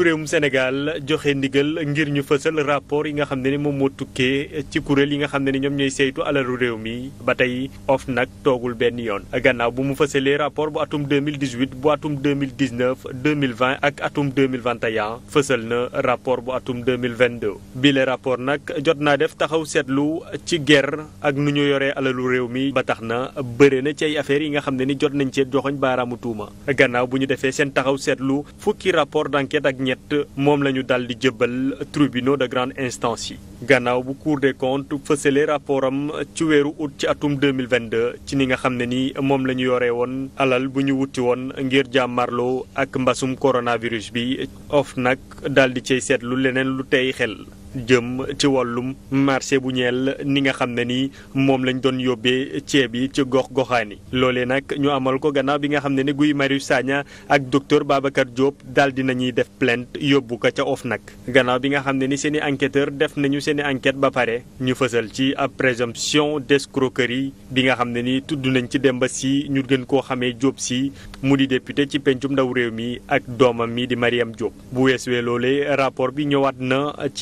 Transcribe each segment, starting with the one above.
njiitu réewum Sénégal joxe ndigal ngir ñu fësal rapport yi nga xam ne ni moom moo tukkee ci kuréel yi nga xam ne ni ñoom ñooy saytu alalu réew mi ba tey OFNAC toogul benn yoon gannaaw bu mu fësalee rapport bu atum 2018 bu atum 2019 2020 ak atum 2021 fësal na rapport bu atum 2022 bile rapport nag jot naa def taxaw seetlu ci guerre ak nu ñu yoree alalu réew mi ba tax na bëre na ci ay yi nga xam ne ni jot nañ cee joxoñ baaraamu tuuma gannaaw bu ñu defee seen taxaw seetlu fukki rapport d'enquête ak ñett moom la ñu daal di jëbbal tribunaux de grande instance yi gannaaw bu cour des comptes fësale rapport am ci weeru août ci atum 2022 ci ni nga xam ne ni moom la ñu yoree woon alal bu ñu wuti woon ngir jàmmarloo ak mbasum coronavirus bi of nag daldi di seetlu leneen lu tey xel jëm ci wàllum marché bu ñeel ni nga xam ne ni moom lañ doon yóbbee ceeb yi ci gox goxaan yi loolee nag ñu amal ko gannaaw bi nga xam ne ni Guy Marius Sagna ak docteur Babacar jóob daal di nañuy def plainte yóbbu ko ca nag gannaaw bi nga xam ne ni seen i enquêteur def nañu seen i enquête ba pare ñu fësal ci ab présomption d'escroquerie bi nga xam ne ni tudd nañ ci Demba Sy ñu gën koo xamee Diop Sy mu di député ci pencum ndaw réew mi ak doomam mii di Mariam Diop bu weesuwee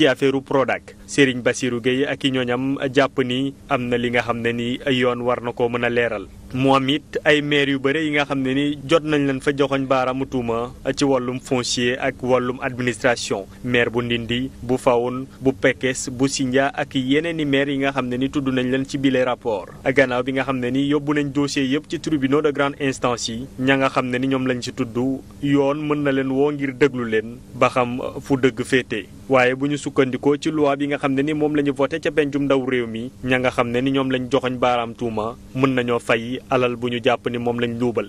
affaire turu Prodac Serigne Bassirou Gueye ak i ñooñam jàpp ni am na li nga xam ne ni ay yoon war na ko mën a leeral moom it ay maire yu bëri yi nga xam ne ni jot nañ leen fa joxoñ baaraamu tuuma ci wàllum foncier ak wàllum administration maire bu Ndindi bu Fawoon bu Pekes bu Sindia ak yeneen i maire yi nga xam ne ni tudd nañ leen ci bile rapport a gannaaw bi nga xam ne ni yóbbu nañ dossier yëpp ci tribunaux de grande instance yi ña nga xam ne ni ñoom lañu ci tudd yoon mën na leen woo ngir déglu leen ba xam fu dëgg féete waaye bu ñu sukkandikoo ci loi bi nga xam ne ni moom la ñu voté ca pencum ndaw réew mi ña xam ne ni ñoom lañ joxoñ baaraam tuuma mën nañoo fay alal bu ñu jàpp ni moom lañ luubal